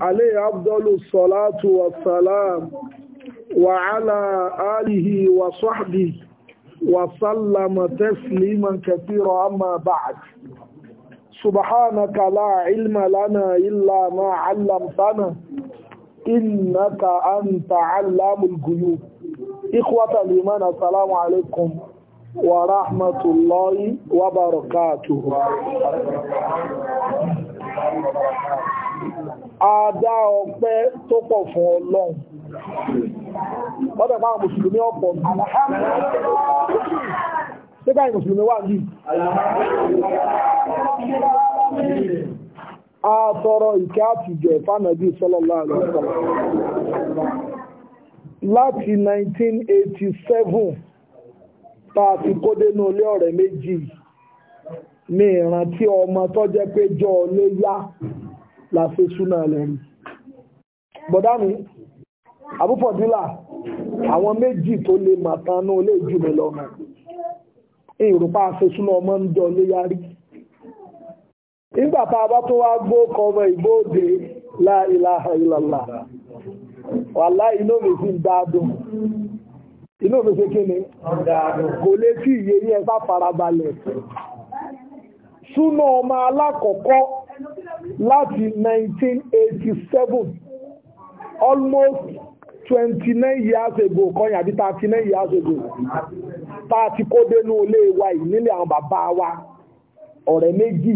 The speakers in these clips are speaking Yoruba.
عليه أفضل الصلاة والسلام وعلى آله وصحبه وسلم تسليما كثيرا أما بعد سبحانك لا علم لنا إلا ما علمتنا إنك أنت علام الجيوب إخوة الإيمان السلام عليكم ورحمة الله وبركاته àdá ọpẹ́ tó pọ̀ fún ọlọ́run ọdọ̀ mùsùlùmí ọ̀pọ̀ sígbà ìmùsùlùmí wà ní àtọrọ ìkẹ́ àtìjẹ̀ fánàbí sallallahu láti 1987 tàà ti kó dénú ilé ọ̀rẹ́ méjì ní ìrántí ọmọ tó jẹ́ pé jọ léyá la ṣe súnà lẹ́rù bọ̀dá mi àbúfọ̀dílà àwọn méjì tó lè màtánú lè jù mí lọ́nà ìrùpá ṣe súnà ọmọ ń jọ lé yarí nígbà tá a bá tó wá gbó kọmọ ìgbóòdè la ilaha illallah wallahi inú mi fi ń dáadùn inú mi ṣe kí ni kò lè tí ìyẹyẹ súnà ọmọ alákọ̀ọ́kọ́ láti 1987 almost 29 years ago kọ́yìn àbí 39 years ago tá a ti kó dénú ilé wa yìí àwọn bàbá wa ọ̀rẹ́ méjì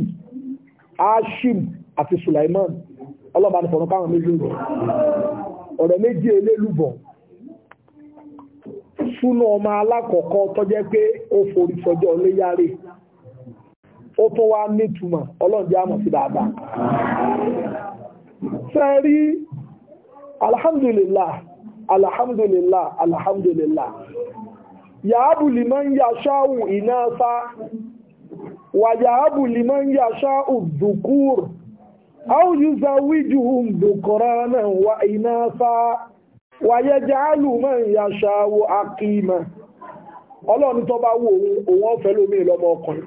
ashim àti Sulaiman ọlọ́ba ní fọ̀nà káwọn méjì ọ̀rẹ́ méjì elélùbọ̀ súnú ọmọ alákọ̀ọ́kọ́ tó pé ó forí sọjọ́ léyàrè ó tún wá nítumọ̀ ọlọ́njẹ́ àmọ̀ sí dáadáa sẹ́rí alhamdulillah alhamdulillah alhamdulillah yàábù liman yàṣáwù ìnáfà wà yàábù liman yàṣáwù dhukur أو يزوجهم ذكرانا وإناثا ويجعل من يشاء عقيما ọlọ́run tó bá wo òun ọ̀fẹ́ lómi ìlọ́mọ ọkùnrin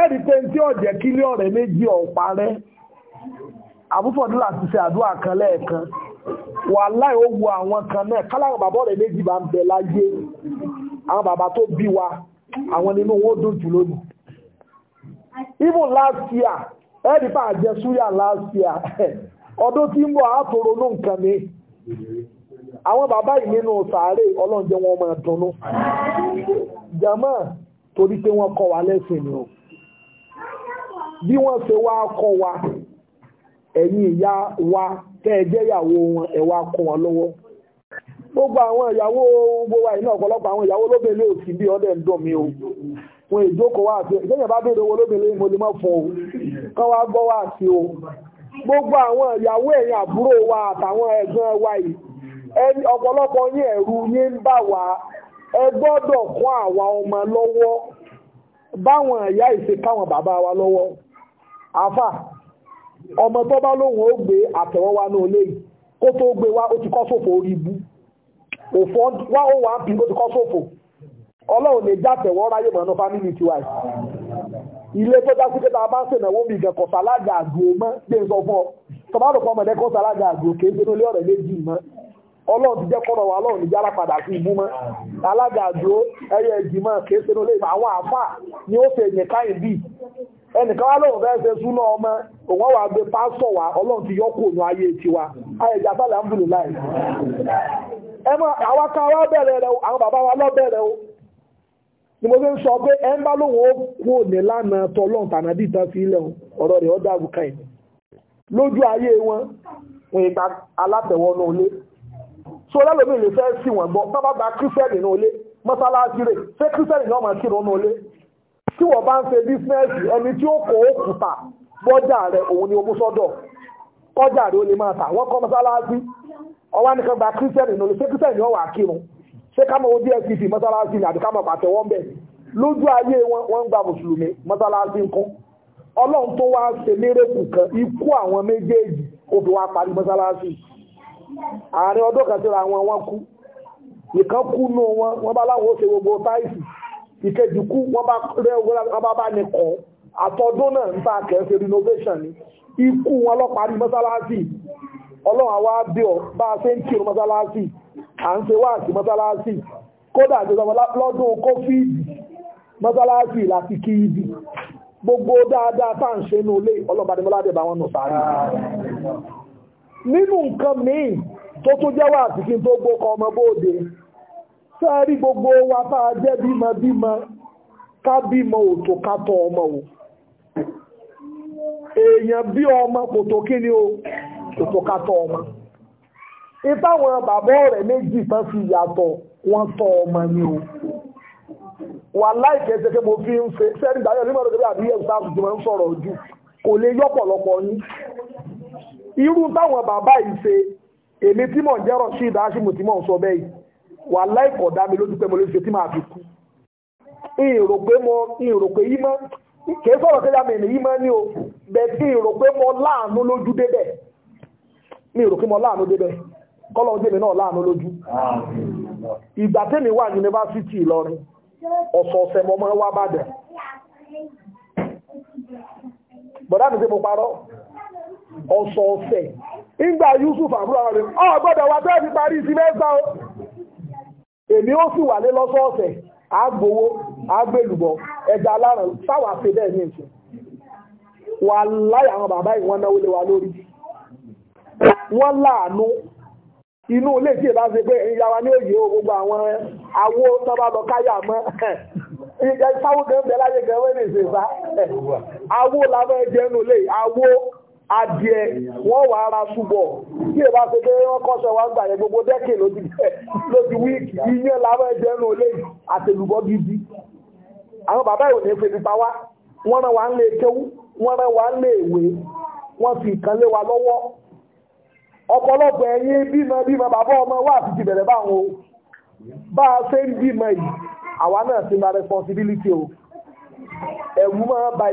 ẹ̀rí pé tí ọ̀jẹ̀ kí lé ọ̀rẹ́ méjì ọ̀parẹ́ àbúfọ̀dúnlà ti ṣe àdúrà kan lẹ́ẹ̀kan wà láì ó àwọn kan náà káláwọn bàbá ọ̀rẹ́ méjì bá ń bẹ láyé àwọn bàbá tó bí wa àwọn nínú owó dùn jù lónìí even last year ẹ̀rí pé súyà last year ọdún tí ń bọ̀ àtòrò ní nǹkan mi àwọn bàbá yìí nínú sàárè ọlọ́njẹ́ wọn torí pé wọ́n kọ́ wa lẹ́sìn ni o bí wọ́n ṣe wá kọ́ wa ẹ̀yin ìyá wa tẹ́ ẹ jẹ́ ìyàwó wọn ẹ wá kọ́ wọn lọ́wọ́ gbogbo àwọn ìyàwó gbogbo wa iná ọ̀pọ̀lọpọ̀ àwọn ìyàwó lóbìnrin ò sí bí ọdẹ ń dùn mí o wọn ìjókòó wá àti ìjọyìn bá béèrè owó lóbìnrin mo lè mọ́ fún o kán wá gbọ́ wá àti o gbogbo àwọn ìyàwó ẹ̀yìn àbúrò wa àtàwọn ẹ̀gbọ́n wa yìí ẹni ọ̀pọ̀lọpọ̀ yín ẹ̀rù yín ń bà wá ẹ gbọ́dọ̀ kún àwa ọmọ lọ́wọ́ báwọn ìyá ìṣe káwọn bàbá wa lọ́wọ́ Afa, ọmọ tó bá lóhùn ó gbé wa ní kó tó gbé wá ó ti kọ́ sófò orí ibú òfò wá ó wà bí ó ti kọ́ sófò ọlọ́run lè jàtẹ̀wọ́ ráyè mọ̀ ní fámìlì tiwa ilé tó dá síkẹ́ta bá ń sènà wọ́n mi gan kọ̀ sálága àgbò mọ́ ń sọ fún ọ àgbò ọ̀rẹ́ méjì mọ́ ọlọ́run ti jẹ́ kọ́rọ̀ ẹnìkan wà lọ́wọ́ fẹ́ẹ́ ṣe súná ọmọ òun wà gbé pásọ̀ wa ọlọ́run ti yọ kò ní ayé tiwa ayẹyẹ àbálẹ̀ àmbùlù láì ẹ mọ àwa kan wá bẹ̀rẹ̀ rẹ àwọn bàbá wa lọ bẹ̀rẹ̀ o ni mo fi ń sọ pé ẹ ń bá lóun ó lánàá fi ọ̀rọ̀ rẹ̀ lójú ayé wọn wọn ìgbà alátẹ̀wọ́ náà lé so lẹ́lòmíì lè fẹ́ sí wọn gbọ́ bàbá kírísẹ́nì náà lé mọ́sálásí rẹ̀ ṣé kírísẹ́nì náà máa kírun náà lé tí wọ́n bá ń ṣe bísínẹ́sì ẹni tí ó kó òkúta bọ́jà rẹ̀ òun ni ó mú sọ́dọ̀ kọjá rẹ̀ ó lè máa tà wọ́n kọ́ mọ́sálásí ọwọ́ nìkan gba kírísítẹ́nì lórí ṣé kírísítẹ́nì yóò kírun ṣé ká mọ̀ ó mọ́sálásí ni àbí ká mọ̀ pàtẹ́ wọ́n bẹ̀ lójú ayé wọn wọ́n ń gba mùsùlùmí mọ́sálásí ń kún ọlọ́run tó wá ṣe mérèkù kan ikú àwọn méjèèjì ó fi wá parí mọ́sálásí àárín ọdún kan síra wọn wọn kú ìkan kú nù wọn wọn bá láwọn ó ṣe gbogbo táìsì ike kú wọ́n bá rẹ́ wọ́n bá ní kọ́ renovation ni ikú wọn lọ parí mọ́sálásì ọlọ́run bí ọ bá a ṣe ń kírun mọ́sálásì à ń ṣe gbogbo dáadáa tá à ń ṣe inú ilé ọlọ́ba nímọ́lá dẹ̀ bá wọn nù sáré nínú nǹkan míì tó tún ọmọ bóde sẹ́ẹ̀rí gbogbo wa bá a jẹ́ bímọ bímọ ká bímọ òtò ká tọ́ ọmọ o èèyàn bí ọmọ kò tó kí ni o kò tó ká tọ́ ọmọ ìtàwọn bàbá rẹ̀ méjì tán fi yàtọ̀ wọ́n tọ́ ọmọ ni o wà láìpẹ́ ṣe pé mo fi ń ṣe sẹ́ẹ̀rí ìdájọ́ nígbà tó kẹ́bí àbí ẹ̀sán àti ìjọba ń sọ̀rọ̀ jù kò lè yọ pọ̀lọpọ̀ yín irú táwọn bàbá yìí ṣe èmi tí mò ń jẹ́rọ̀ sí ìdásímù tí mò ń sọ bẹ́ẹ̀ yìí wà láìkọ̀ dá mi lójú pé mo lè ṣe tí fi kú ìrò mo ìrò pé mọ́ kìí sọ̀rọ̀ mọ́ ní o bẹ̀tí ìrò mo láàánú lójú débẹ̀ mo láàánú débẹ̀ kọ́lọ̀ náà láàánú lójú ìgbà tẹ́mi wà yunifásitì mo máa wá bàdẹ̀ bọ̀dá mi mo parọ́ ọ̀sọ̀ọ̀sẹ̀ ìgbà Yusuf àbúrò èmi ó sì wà lé lọ́sọ̀ọ̀sẹ̀ àgbowó àgbélùbọ̀ ẹja aláràn sáwà ṣe bẹ́ẹ̀ ní ìsìn wà láyé àwọn bàbá yìí wọ́n náwó lé wa lórí wọ́n láàánú inú ilé tí ìbá ṣe pé ẹ̀yìn yàwá ní òye o gbogbo àwọn awó tọ́ba lọ káyà mọ́ ìjẹ́ sáwó kan bẹ́ẹ̀ láyé kan wọ́n ní ìsìn sá awó làwọn ẹ̀jẹ̀ nù lé awó adìẹ wọ́n wà ara ṣùgbọ́ tí bá ṣe pé wọ́n kọ́ṣọ́ wá gbà gbogbo dẹ́kì ló ti wí iyán lábẹ́ ìjẹun olè àtẹlùbọ́ gidi àwọn bàbá ìwòye fi nípa wá wọ́n rán wa ń lè wọ́n rán wa ń lè wọ́n fi ìkan lé wa lọ́wọ́ ọ̀pọ̀lọpọ̀ bímọ bímọ bàbá ọmọ àti ti bẹ̀rẹ̀ o bá àwa náà ti ma responsibility o máa ba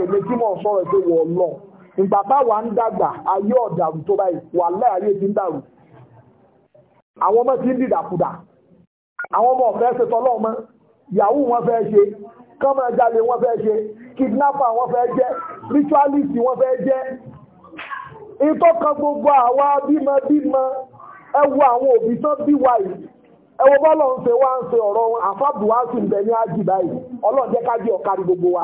sọ̀rọ̀ ìgbà táwa ń dàgbà ayé ọ̀dàrú tó báyìí wà ayé ti ń dàrú àwọn ọmọ ti ń dìdàkudà àwọn ọmọ ọ̀fẹ́ ṣe tọ́lọ́ ọmọ yahoo wọn fẹ́ ṣe kọ́mọ jalè wọn fẹ́ ṣe kidnapper wọn fẹ́ jẹ́ ritualist wọn fẹ́ jẹ́ ìtọ́kan gbogbo àwa bímọ bímọ ẹ wo àwọn òbí tán bí wa yìí ẹ wo bọ́lọ̀ ń ṣe wá ń ṣe ọ̀rọ̀ ń gbogbo wa.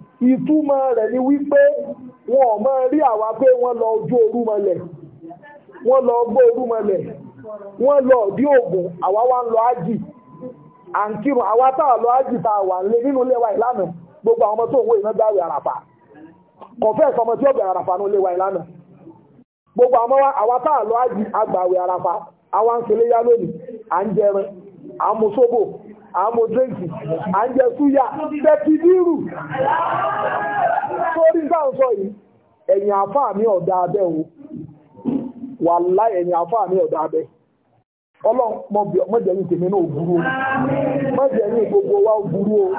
ìtumọ̀ rẹ̀ ni wípé wọn ò mọ rí àwa pé wọ́n lọ ojú orúmọlẹ̀ wọ́n lọ lọ ọ̀dí ògùn àwa wá lọ ájì ogun àwa a lọ ájì tá a wà lé nínú ilé wa ìlànà gbogbo àwọn ọmọ tó ń wé iná gbáwé àràfà kọ̀fẹ́ẹ̀sì ọmọ tí ó gbogbo àwọn àwa lọ ájì àwa ń lónìí à à ń mo súyà tẹkidírù sórí táwọn yìí ẹ̀yìn àfáà o wà láì ẹ̀yìn àfáà mi ọ̀dà abẹ́ ọlọ́run tèmi náà burú o gbogbo o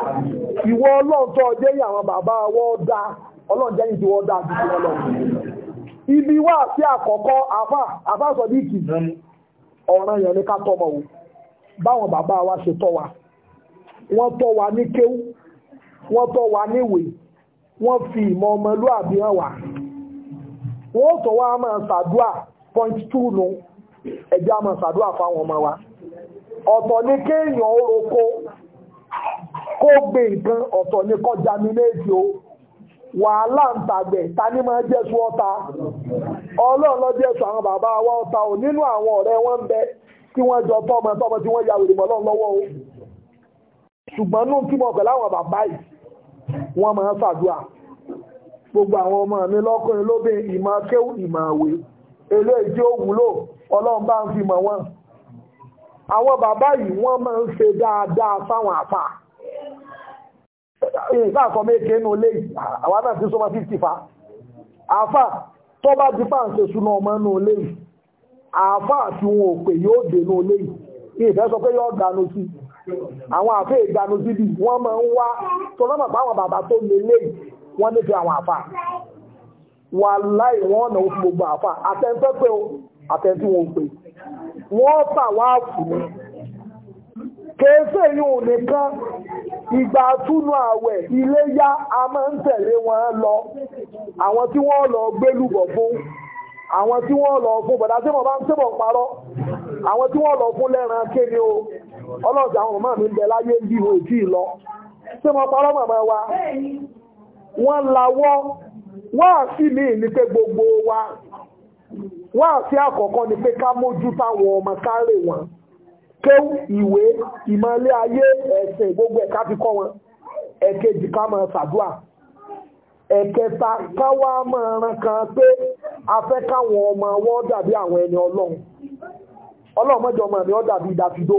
ìwọ ọlọ́run tó àwọn bàbá wọ́n dá ọlọ́run jẹ́yìn àti ibi wà sí àkọ́kọ́ àfà ọ̀ràn yẹn ní ká wa ṣe tọ́ wọ́n tọ́ wa ní kéwú wọ́n tọ́ wa níwèé wọ́n fi ìmọ̀ ọmọlúàbí hàn wá wọ́n tọ́ wa máa ṣàdúà point two nu ẹ̀jẹ̀ a máa ṣàdúà fáwọn ọmọ wa ọ̀tọ̀ ní kéèyàn oroko kó gbé nǹkan ọ̀tọ̀ ní kọjá mi léèdì o wàhálà ń tàgbẹ̀ ta ní máa jẹ́sù ọ̀tá ọlọ́run lọ jẹ́sù àwọn bàbá wa ọ̀tá o nínú àwọn ọ̀rẹ́ wọn ń bẹ tí wọ́n jọ tọ́mọ tọ́mọ tí wọ́n ya wèrè mọ́ lọ́wọ́ o ṣùgbọ́n ní kí mọ̀ pẹ̀lú àwọn bàbá yìí wọ́n máa ń ṣàdúrà gbogbo àwọn ọmọ mi lọ́kùnrin lóbìn ìmọ̀ kéwù ìmọ̀ àwè èlé ìjẹ́ òwúlò ọlọ́run bá ń fi mọ̀ wọ́n àwọn bàbá yìí wọ́n máa ń ṣe dáadáa fáwọn àfà ìgbà kan méje inú ilé àwọn náà ti sọmọ 50 fa àfà tó bá di pàǹsẹ̀ súná ọmọ inú ilé àfà àti wọn ò pè yóò dé inú ilé ìfẹ́ sọ pé yóò dànù sí i àwọn àfẹ́ ìgbanu síbi wọ́n máa ń wá tó lọ́mọ̀ pa àwọn bàbá tó lè lè wọ́n nífẹ̀ẹ́ àwọn àfà wà láì wọ́n ọ̀nà òfin gbogbo àfà àtẹ́ńtẹ́ pé o àtẹ́ńtí wọn pè wọ́n fà wá fún mi kèéfè yóò nìkan ìgbà túnú àwẹ̀ iléyá a máa ń tẹ̀lé wọn lọ àwọn tí wọ́n lọ gbélùbọ̀ fún àwọn tí wọ́n lọ fún bọ̀dá tí wọ́n bá ń tẹ́bọ̀ parọ́ àwọn tí wọ́n lọ fún lẹ́ran kéde o ọlọ́ọ̀dà àwọn ọmọ mi ń bẹ láyé ń bí wo ìtì lọ tí wọ́n parọ́ màmá wa wọ́n lawọ́ wọ́n àfi ní pé gbogbo wa wọ́n àfi àkọ́kọ́ ni pé ká mójú táwọn ọmọ kárè wọn kéwú ìwé ìmọ̀lẹ́ ayé ẹ̀sìn gbogbo ẹ̀ ká fi kọ́ wọn ẹ̀kejì ká máa ṣàdúà ẹ̀kẹta káwá máa ran kan pé a fẹ́ káwọn ọmọ wọn dàbí àwọn ẹni ọlọ́run ọlọ́run mọ́jọ ọmọ mi ó dàbí dàfídó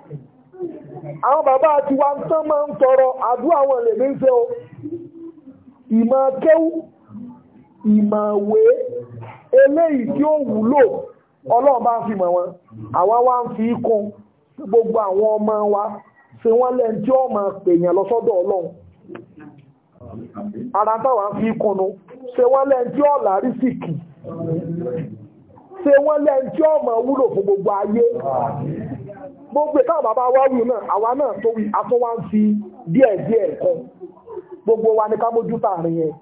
àwọn bàbá àti wa tán máa ń tọrọ àdúrà àwọn lèmi ń ṣe o ìmọ̀ kéwú ìmọ̀ ìwé eléyìí tí ó wúlò ọlọ́run bá ń fi mọ̀ wọn àwa wá ń fi kún gbogbo àwọn ọmọ wa ṣe wọ́n lẹ́ni tí ó máa pèèyàn lọ sọ́dọ̀ ọlọ́run ara táwa ń fi kúnnu ṣe wọ́n lẹ́ni tí ó lárí sìkì ṣe wọ́n lẹ́ni tí ó máa wúlò fún gbogbo ayé. gbogbo pe bàbá wa wù náà àwa náà tó wí atúnwá ń fi díẹ̀ díẹ̀ kan gbogbo wa ní ká mójú tààrin yẹn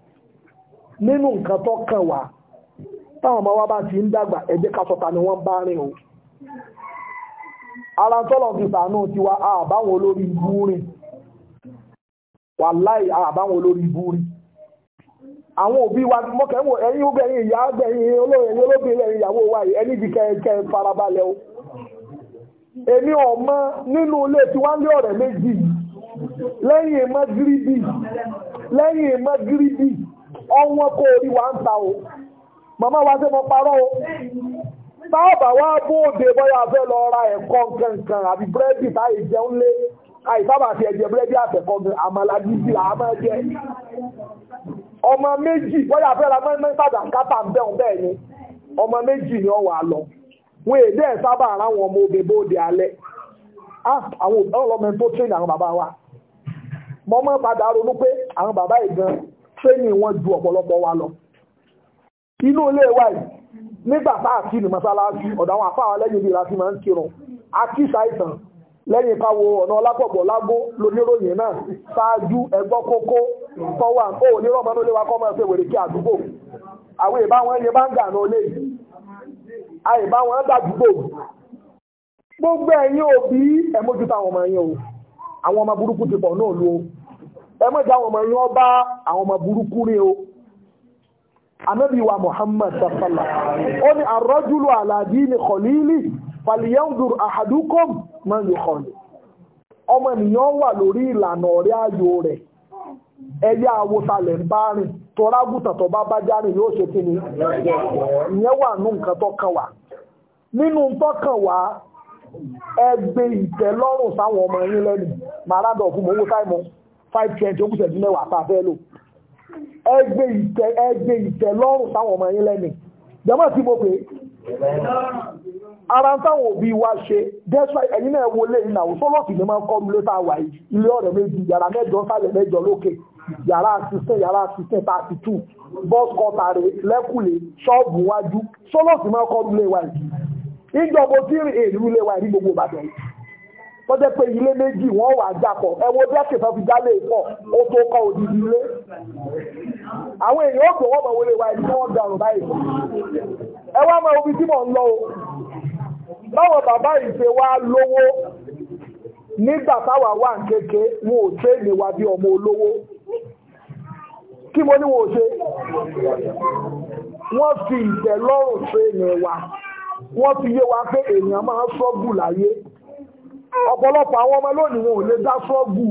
nínú nǹkan tó kàn wá wa bá ti ń dàgbà ẹ ta ni wọ́n bá rìn o ara tọ́lọ̀ fi sàánú tiwa àbáwọn olórí ibú rìn wàláì àbáwọn olórí ibú rìn àwọn òbí wa mọ́kẹ́wò ẹ̀yìn obìnrin ìyá gbẹ̀yìn olóòrìn ìyàwó wa ẹni farabalẹ̀ èmi ọmọ nínú ilé tí wá ń lé ọ̀rẹ́ méjì lẹ́yìn ìmọ̀ gírídì lẹ́yìn ìmọ̀ gírídì ọwọ́n kó orí wa ń ta o màmá wa ṣe mọ parọ́ o táàbà wá bóde bọ́yá fẹ́ lọ ra ẹ̀kọ́ kankan àbí búrẹ́dì táyé jẹun lé àìsábà ti ẹ̀jẹ̀ búrẹ́dì àtẹ̀kọ́ àmàlà gidi là á máa jẹ ọmọ méjì bọ́yá fẹ́ ra mẹ́ta dàkátà ń bẹ̀rù bẹ́ẹ̀ ni ọmọ méjì ni ọ wà lọ wọn èdè ẹ̀ sábà ara àwọn ọmọ obè bóde alẹ́ ah, àwọn ọlọ́mọ tó tírìn àwọn bàbá wa mọ́ mọ́ padà ronú pé àwọn bàbá ìgan tírìn wọn ju ọ̀pọ̀lọpọ̀ wa lọ inú ilé wa yìí nígbà tá a kí ni mọ́sálásí ọ̀dọ̀ àwọn àfáà lẹ́yìn ibi ìlàsí máa ń kírun a kí ṣàìsàn lẹ́yìn káwo ọ̀nà ọlápọ̀pọ̀ lágó lóníròyìn náà ṣáájú ẹgbọ́ kókó tọ́wà ó nírọ̀mọ́nú lé wa kọ́ mọ́ ẹ̀fẹ́ wèrè kí àdúgbò àwọn ìbáwọn ẹyẹ bá ń gà náà léyìí àìbá wọn dàdúgbò gbogbo ẹ̀yin òbí ẹ mójútó àwọn ọmọ yín o àwọn ọmọ burúkú ti pọ̀ náà lu o ẹ mọ̀já àwọn ọmọ yín ọba àwọn ọmọ burúkú rí o anabi wa muhammad sasala ó ní arọ́júlù aláàdí ni kọ̀lílì fàlìyàndùr àhàdúkọ́m máa yóò kọ̀lì ọmọ ènìyàn wà lórí ìlànà ọ̀rẹ́ ayò rẹ̀ ẹ̀yà àwòtalẹ̀ ń bá rìn tọ́rá gùtàn tó bá bá járìn yóò ṣe kí ni ìyẹn wà nù nǹkan tó kàn wá nínú tó kàn wá ẹgbẹ́ ìtẹ́lọ́rùn sáwọn ọmọ yín lẹ́nu marada ọ̀fun mọ̀ táìmọ̀ five twenty ogún ṣẹ̀dún mẹ́wàá tá a fẹ́ lò ẹgbẹ́ ìtẹ́ ẹgbẹ́ ìtẹ́lọ́rùn sáwọn ọmọ yín lẹ́nu jẹ́mọ́ tí mo pè ara táwọn òbí wa ṣe dẹ́sùn ẹ̀yin náà wọlé ìnáwó sọ́lọ́ọ̀tì ni máa ń kọ́ ilé tá a wà yìí ilé ọ̀rẹ́ méjì yàrá mẹ́jọ sálẹ̀ mẹ́jọ lókè yàrá sísẹ́ yàrá sísẹ́ thirty two bọ́ọ̀sì lẹ́kùlé ṣọ́ọ̀bù wájú sọ́lọ́ọ̀sì máa kọ́ ilé wa ìjọba tí èrú ilé wa gbogbo Ìbàdàn tó jẹ́ pé ilé méjì wọ́n wà jápọ̀ ẹwọ́ dẹ́kì tó fi jálè pọ̀ ó tó kọ́ òdìdí ilé àwọn èèyàn ó gbọ́ wọ́n wọlé wa yìí tí wọ́n dàrú báyìí ẹ wá mọ omi tí mò ń lọ o báwọn bàbá yìí wá lówó nígbà táwa wà ń kéke wọn ò tẹ́ ìléwà bí ọmọ olówó kí mo ní wọ́n ṣe wọ́n fi ìtẹ́lọ́rùn tréènì wa wọ́n fi yé wa pé èèyàn máa ń sọ́gù láyé ọ̀pọ̀lọpọ̀ àwọn ọmọ lónìí wọn ò lè dá sọ́gù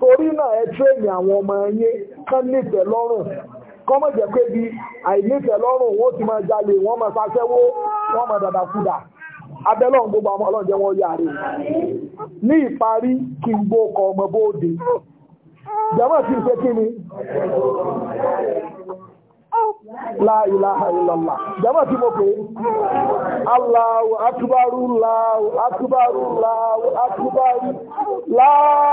torí náà ẹ tréènì àwọn ọmọ yẹn kán nítẹ̀ lọ́rùn kọ́ mọ̀ jẹ́ pé bí lọ́rùn wọ́n ti máa jalè wọ́n máa ṣaṣẹ́wó wọ́n máa gbogbo àwọn wọ́n ní ìparí kí gbó ọkọ̀ ọmọ bóde jama ti ṣe kí oh, la ilaha illallah jama ti mo pe allahu akubaru allahu akubaru allahu akubaru la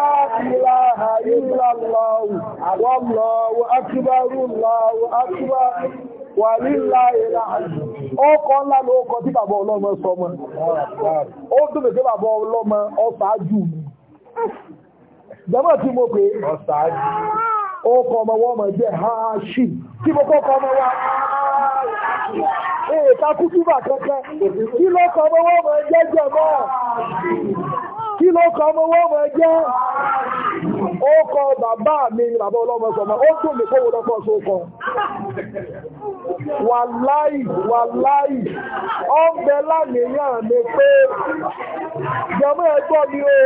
ilaha illallah wallahu akubaru allahu akubaru wàlílá ìlà ọkọ̀ ńlá ló kọ́ tí bàbá ọlọ́mọ sọmọ ó bàbá ọlọ́mọ jẹ́mọ̀ tí mo pè ọ̀sáájú o kọ ọmọ wọn mọ̀ jẹ́ haṣi tí mo kọ́kọ́ ọmọ wa ee kakútúbà kankan kí ló kọ ọmọ wọn mọ̀ jẹ́ jẹ̀mọ́ kí ló kọ ọmọ wọn mọ̀ jẹ́ ó kọ bàbá mi bàbá ọlọ́mọ ó tún lè kówó lọ́pọ̀ sí ó kọ wàláì wàláì lánìyàn pé ẹgbọ́ mi o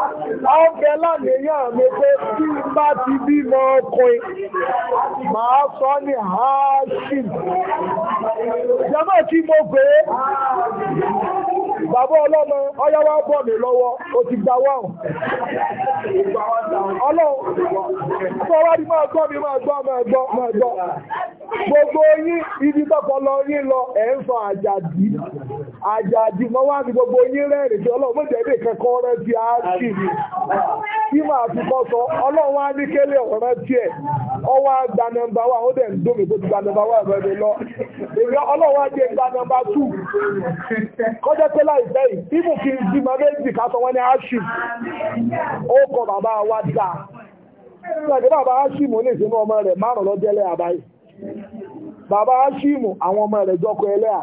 ó lánìyàn mi pé tí bá ti bímọ ọkùnrin màá sọ ní Hashim jọmọ tí mo Bàbá ọlọ́mọ ọyá wá bọ̀ mí lọ́wọ́, ó ti gba wá hàn. Ọlọ́run, sọ wá ní máa gbọ́ mi, máa gbọ́, máa gbọ́, máa gbọ́. gbogbo yín ibi tọ́pọ̀ lọ yín lọ ẹ̀ àjàdì àjàdì mọ́ wá ní gbogbo yín rẹ́rìn tí ọlọ́run mọ́jẹ̀ ti á máa fi kọ́ sọ ọlọ́run wá ní kélé ọ̀rẹ́ ọwọ́ gba nọmba ó dẹ̀ ń dómi tó ti lọ èmi ọlọ́run wá nọmba tù kọjá pé láìpẹ́ yìí méjì ká sọ wọ́n ní áṣì ó kọ bàbá wa ní bàbá Hashimu àwọn ọmọ rẹ̀ jọkọ ẹlẹ́à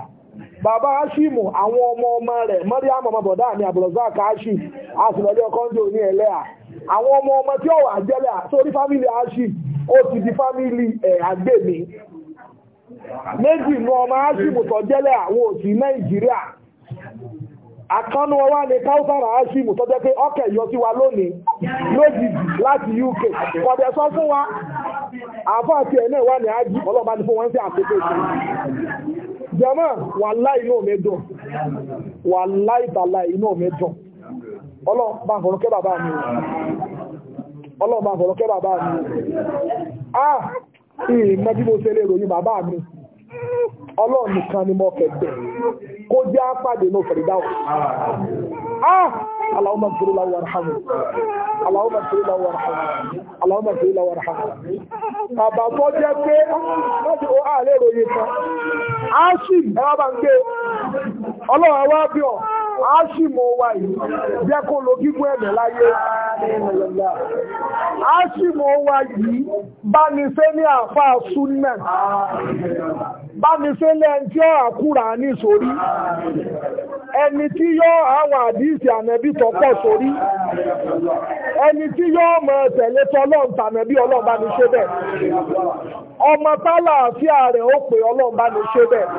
bàbá ashimu àwọn ọmọ ọmọ rẹ̀ mọ́rí àmọ̀mọ́ bọ̀dá mi àbùrọ̀záàkà Hashim àsìlọ́dẹ́ ọkọ́ńdé òní ẹlẹ́à àwọn ọmọ ọmọ tí ó wà jẹ́lẹ̀ sórí fámílì Hashim ó ti di fámílì ẹ̀ àgbèmí méjì nu ọmọ Hashimu tó jẹ́lẹ̀ àwọn òsì Nàìjíríà àkánú ọwá ni káúsára áṣìmù tó pé ọkẹ̀ yọ sí wa lónìí lójijì láti UK kọ̀dẹ̀ àfọ́ àti ẹ̀nà ìwà ní ájì ọlọ́ba ní fún wọ́n sí àkókò ìsìn jẹ́mọ́ wàláì inú mi dùn wàláì tàlà inú mi bàbá mi ah ìmọ̀ bí mo ṣe lè ròyìn bàbá mi ọlọ́run ni kó jẹ́ náà اللهم اغفر له وارحمه اللهم اغفر له وارحمه bàbá tó jẹ́ pé láti ó àlè ìròyìn kan áṣìm ẹwà bá ń gbé ọlọ́run wá bí ọ áṣìm wa yìí jẹ́ kó lo gígùn ụwa láyé áṣìm wa yìí bá ní fẹ́ ní àfáà súnnà tí ó àkúrà ní sórí ẹni tí àwọn ànẹ́bí tọ́pọ̀ sórí ẹni tí yóò mọ̀ tẹ̀lé tọ́lọ́n tànà bí ọlọ́run bá ní ṣe bẹ́ẹ̀ ọmọ tálàáfíà rẹ̀ ó pè ọlọ́run bá ní ṣe bẹ́ẹ̀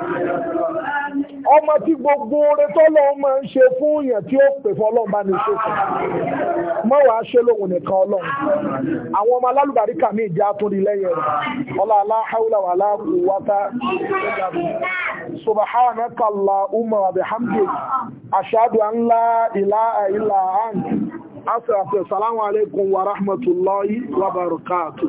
ọmọ tí gbogbo oore tọ́lọ́run máa ń ṣe fún èèyàn tí ó pè fún ọlọ́run bá ní ṣe fún mọ́wàá ṣe lóhun nìkan ọlọ́run àwọn ọmọ alálùbáríkà mi ìjà tún rí lẹ́yìn rẹ̀ ọlọ́lá haúlà wà láàkú wátá asàfẹ́ salamu alaikum wa rahmatullahi wa barakatuh